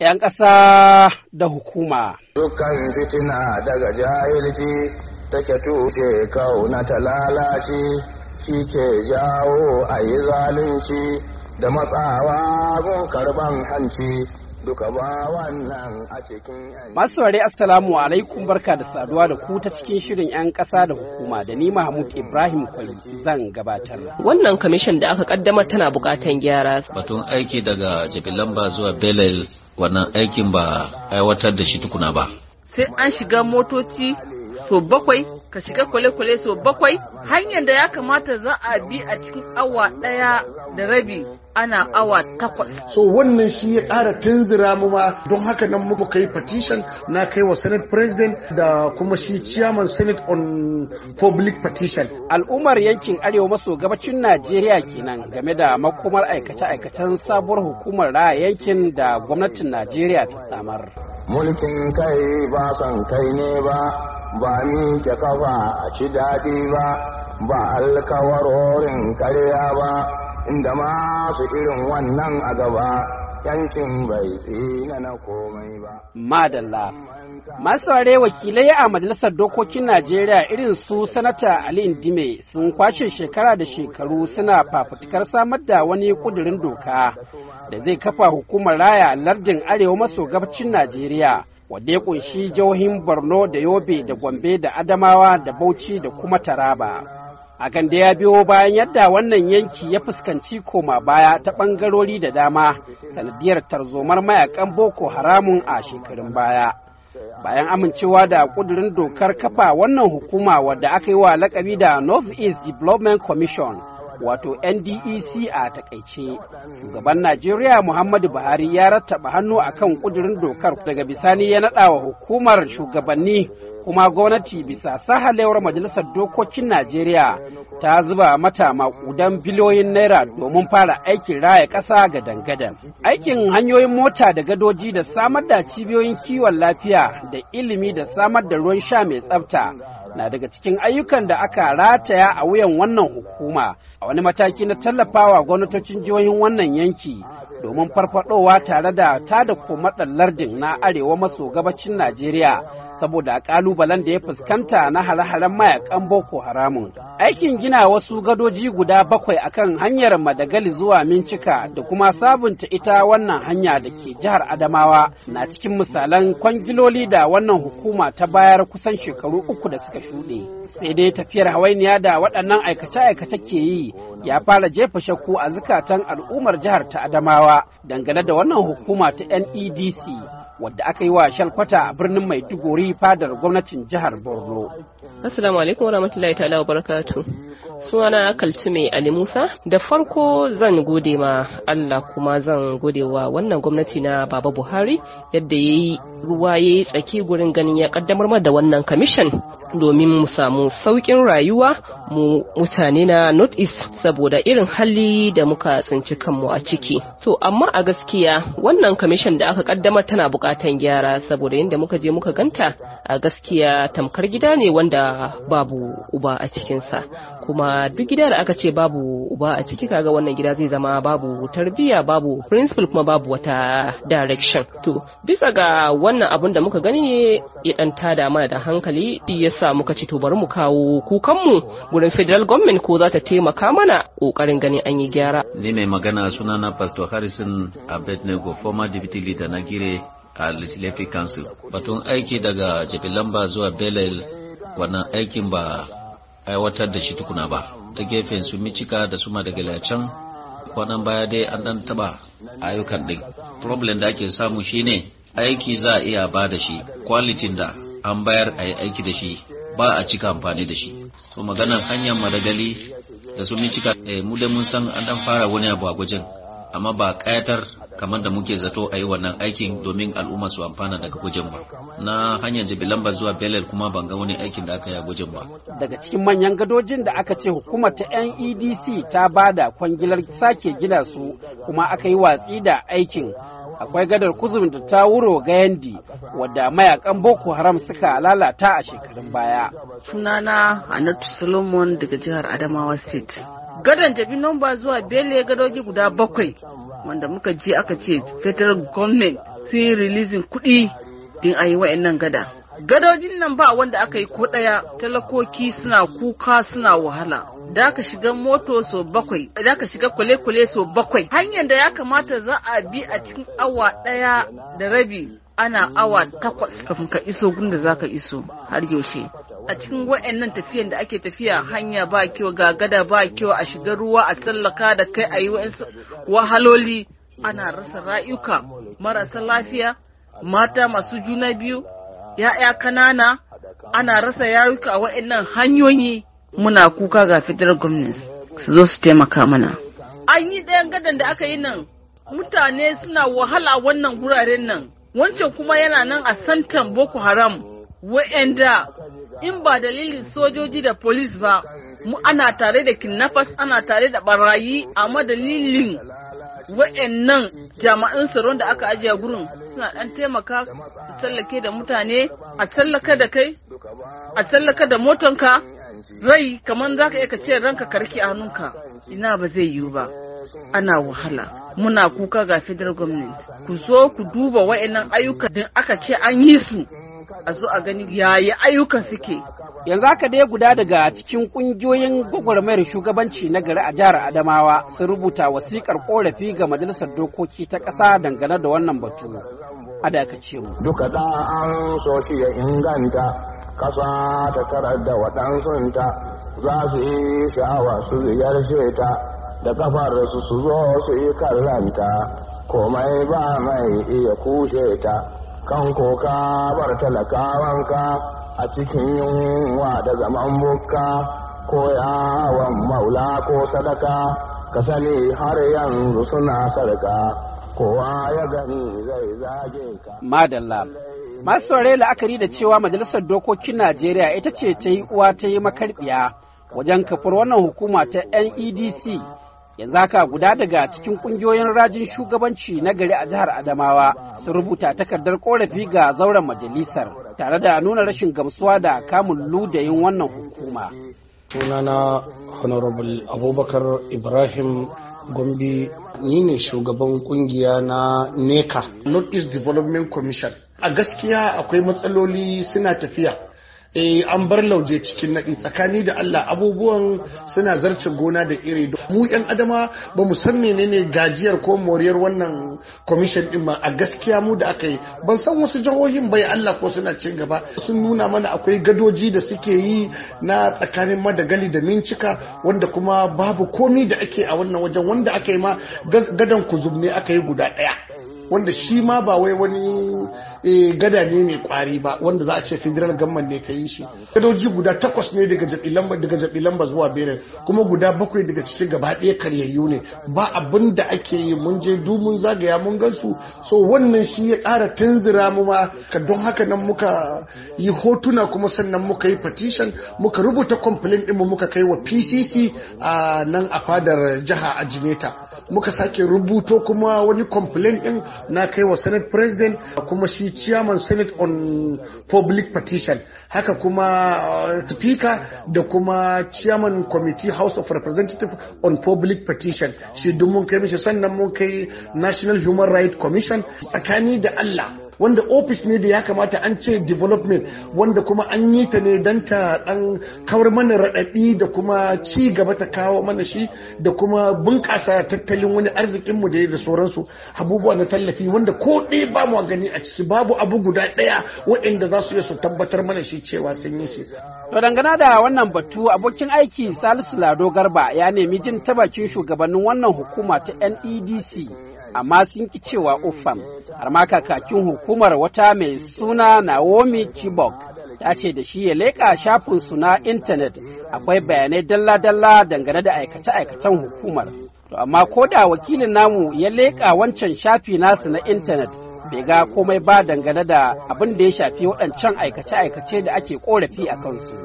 ‘yan ƙasa da hukuma. Dukkan fitina daga jahilci take tushe na ta lalace shi ke jawo a yi zalunci da matsawa gun karban hanci. duka ba wannan a cikin masu saurari assalamu alaikum barka da saduwa da ku ta cikin shirin 'yan ƙasa da hukuma da ni mahmud ibrahim kwali zan gabatar wannan kamishin da aka kaddamar tana bukatan gyara batun aiki daga jabilan ba zuwa belel wannan aikin ba aiwatar da shi tukuna ba sai an shiga motoci so bakwai ka shiga kwale-kwale so bakwai hanyar da ya kamata za a bi a cikin awa ɗaya da rabi ana awa takwas. So wannan shi ya kara tunzira mu ma don haka nan muka kai petition na kai wa Senate President da kuma shi Chairman Senate on Public Petition. Al'ummar yankin Arewa maso gabacin Najeriya kenan game da makomar aikace-aikacen sabuwar hukumar raya yankin da gwamnatin Najeriya ta samar. Mulkin kai ba san kai ne ba, ba miƙe kafa a ci daɗi ba ba alkawarorin karya ba inda masu irin wannan a gaba yankin bai tsina na komai ba. Madalla Masu ware wakilai a Majalisar Dokokin Najeriya irin su Sanata Ali Indime sun kwashe shekara da shekaru suna fafutukar samar da wani kudurin doka da zai kafa hukumar raya lardin arewa maso gabacin Najeriya. wadda ya kunshi jihohin borno da yobe da gombe da adamawa da bauchi da kuma taraba A da ya biyo bayan yadda wannan yanki ya fuskanci koma baya ta bangarori da dama sanadiyar tarzomar mayakan boko haramun a shekarun baya bayan amincewa da kudurin dokar kafa wannan hukuma wadda aka yi wa lakabi da north east development commission wato ndec a takaice shugaban najeriya muhammadu buhari ya rattaba hannu a kan kudirin dokar daga bisani ya naɗa wa hukumar shugabanni kuma gwamnati bisa sahalewar majalisar dokokin najeriya ta zuba mata makudan biliyoyin naira domin fara aikin raya ƙasa ga dangadan aikin hanyoyin mota da gadoji da samar da cibiyoyin kiwon lafiya da ilimi da samar da ruwan sha mai tsafta na daga cikin ayyukan da aka rataya a wuyan wannan hukuma a wani mataki na tallafawa gwamnatocin jihohin wannan yanki domin farfadowa tare da ta tada komaɗan lardin na arewa maso gabacin Najeriya saboda kalubalen da ya fuskanta na hare-haren mayakan Boko Haramun. Aikin gina wasu gadoji guda bakwai akan hanyar Madagali zuwa Mincika da kuma sabunta ita wannan hanya da ke jihar Adamawa na cikin misalan kwangiloli da wannan hukuma ta bayar kusan shekaru uku da suka shuɗe. Sai dai tafiyar hawainiya da waɗannan aikace-aikace ke yi ya fara jefa shakku a zukatan al'ummar jihar ta Adamawa dangane da wannan hukuma ta NEDC wadda aka yi wa shalkwata a birnin Maiduguri fadar gwamnatin jihar Borno. Assalamu alaikum wa ta'ala wa barakatuh kalci Kaltume Ali Musa, da farko zan gode ma Allah kuma zan gode wa wannan gwamnati na Baba Buhari yadda ya yi ruwa ya yi tsaki gurin ganin ya kaddamar da wannan kamishin domin mu samu sauƙin rayuwa mu mutane na North East saboda irin hali da muka tsinci kanmu a ciki. To amma a gaskiya wannan kamishin da aka kaddamar tana buƙatan gyara saboda yadda muka je muka ganta a gaskiya tamkar gida ne wanda babu uba a cikinsa. kuma duk gida da aka ce babu uba a ciki kaga wannan gida zai zama babu tarbiyya babu principal kuma babu wata direction to bisa ga wannan abun da muka gani ne ya dan tada mana da hankali yasa muka ce to bari mu kawo kukan mu gurin federal government ko za ta taimaka mana kokarin ganin an yi gyara ni mai magana sunana pastor harrison abednego former deputy leader na gire a legislative council batun aiki daga jabilamba zuwa belel wannan aikin ba aiwatar da shi tukuna ba ta gefen su micika da su madagali can kwanan baya dai an dan taba ayyukan din problem da ake samu shine aiki za a iya ba da shi kwalitin da an bayar a yi aiki da shi ba a cika amfani da shi to maganar hanyar madagali da su micika eh, mu da mun san an dan fara wani abu a gwajin amma ba ƙayatar kamar da muke zato a yi wannan aikin domin al'umma su amfana daga gwajin ba na hanyar jibilamba zuwa belel kuma ban ga wani aikin da aka yi a gwajin ba daga cikin manyan gadojin da aka ce hukumar ta NEDC ta bada kwangilar sake gina su kuma aka yi watsi da aikin akwai gadar kuzum da ta wuro gayandi wadda mayakan boko haram suka lalata a shekarun baya sunana anatu solomon daga jihar adamawa state gadon jabi nomba zuwa bele gadoji guda bakwai wanda muka je aka ce federal government sun yi releasing kuɗi din a yi wa'annan gada gadojin nan ba wanda aka yi ko ɗaya talakoki suna kuka suna wahala da ka shiga moto so bakwai da ka shiga kule-kule so bakwai hanyar da ya kamata za a bi a cikin awa ɗaya da rabi ana awa takwas kafin ka iso gunda za ka iso har yaushe a cikin wa'annan tafiyan da ake tafiya hanya ba kyau ga gada ba kyau a shiga ruwa a tsallaka da kai a yi wahaloli ana rasa rayuka marasa lafiya mata masu juna biyu ya'ya kanana ana rasa rayuka a wa'annan hanyoyi muna kuka ga fitar gwamnati su zo su taimaka mana an yi ɗayan gadon da aka yi nan mutane suna wahala wannan guraren nan wancan kuma yana nan a santan boko haram wa'anda in ba dalilin sojoji da polis ba mu ana tare da kinnafas ana tare da barayi amma dalilin wa'annan jama'an tsaron da aka ajiye gurin suna ɗan taimaka su tallake da mutane a tallaka da kai a tallaka da motonka rai kamar za ka iya ce ranka karki a hannunka ina ba zai yiwu ba ana wahala muna kuka ga federal government ku zo ku duba wa'annan ayyukan da aka ce an yi su a zo a gani yayi ayyukan suke yanzu haka dai guda daga cikin kungiyoyin gwagwarmayar shugabanci na gari a jihar adamawa sun rubuta wasikar ƙorafi ga majalisar dokoki ta ƙasa dangane da wannan batu a dakace mu duka da an so inganta ƙasa ta karar da waɗansunta za su yi sha'awa su ziyarce ta da kafar su su zo su yi kallanta komai ba mai iya kushe ta kan koka bar talakawanka a cikin yunwa da zaman bukka ko yawon maula ko sadaka ka sani har yanzu suna sarka kowa ya gani zai zage ka madalla masu saurari la'akari da cewa majalisar dokokin najeriya ita ce ta yi uwa ta yi makarbiya wajen kafar wannan hukuma ta nedc yanzu haka guda daga cikin kungiyoyin rajin shugabanci na gari a jihar adamawa sun rubuta takardar korafi ga zauren majalisar tare da nuna rashin gamsuwa da kamun ludayin wannan hukuma sunana honorable abubakar ibrahim gombe ni ne shugaban kungiya na neca north east development commission a gaskiya akwai matsaloli suna tafiya eh an bar lauje cikin naɗi tsakani da Allah abubuwan suna zarce gona da iri mu yan adama ba mu san menene gajiyar ko moriyar wannan commission din ma a gaskiya mu da aka yi ban san wasu jihohin bai Allah ko suna cin gaba sun nuna mana akwai gadoji da suke yi na tsakanin madagali da mincika wanda kuma babu komi da ake a wannan wajen wanda aka yi ma gadon kuzum ne aka yi guda ɗaya wanda shi ma ba wai wani Eh, gada ne mai kwari ba wanda za a ce federal gamman ne ta yi shi gadoji guda takwas ne daga jabi lamba zuwa benin kuma guda bakwai daga ciki gaba ɗaya karyayyu ne ba abin da ake yi mun je du mun zagaya mun gansu so wannan shi ya ƙara tunzura mu ma ka don haka nan muka yi hotuna kuma sannan muka yi petition muka rubuta complaint ɗinmu muka kai wa pcc a nan a fadar jiha a jineta muka sake rubuto kuma wani complaint din na kai wa senate president kuma shi chairman senate on public petition haka kuma uh, speaker da kuma chairman committee house of representative on public petition shi duk mun kai mishi sannan mun kai national human rights commission tsakani da allah wanda ofis ne da ya kamata an ce development wanda kuma an yi ta ne don ta dan kawar mana raɗaɗi da kuma ci gaba ta kawo mana shi da kuma bunƙasa tattalin wani arzikinmu da ya da sauransu abubuwa na tallafi wanda ko ɗaya ba mu gani a ciki babu abu guda ɗaya waɗanda za su iya su tabbatar mana shi cewa sun yi shi. To dangana da wannan batu abokin aiki Salisu Lado Garba ya nemi jin ta bakin shugabannin wannan hukuma ta NEDC amma sun ki cewa ofam har ma kakakin hukumar wata mai suna naomi chibok ta ce da shi ya leƙa shafin su na intanet akwai bayanai dalla-dalla dangane da aikace-aikacen hukumar to amma ko da wakilin namu ya leƙa wancan shafi nasu na intanet bai ga komai ba dangane da abin da ya shafi waɗancan aikace-aikace da ake korafi a kansu.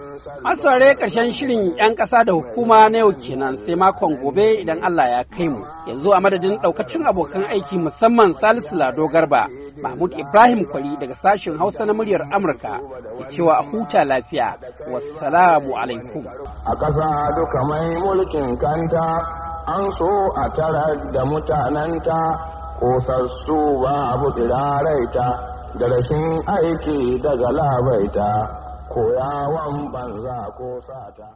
An saurare ƙarshen shirin 'yan ƙasa da hukuma na yau kenan sai makon gobe idan Allah ya kai mu. Yanzu a madadin ɗaukacin abokan aiki musamman Salisu Lado Garba, Mahmud Ibrahim Kwari daga sashen Hausa na muryar Amurka ke cewa a huta lafiya. Wassalamu alaikum. A ƙasa duka mai mulkin kanta an so a tara da mutanenta kosassu babu ɗiraraita, da rashin aiki daga labaita koyawan banza ko sata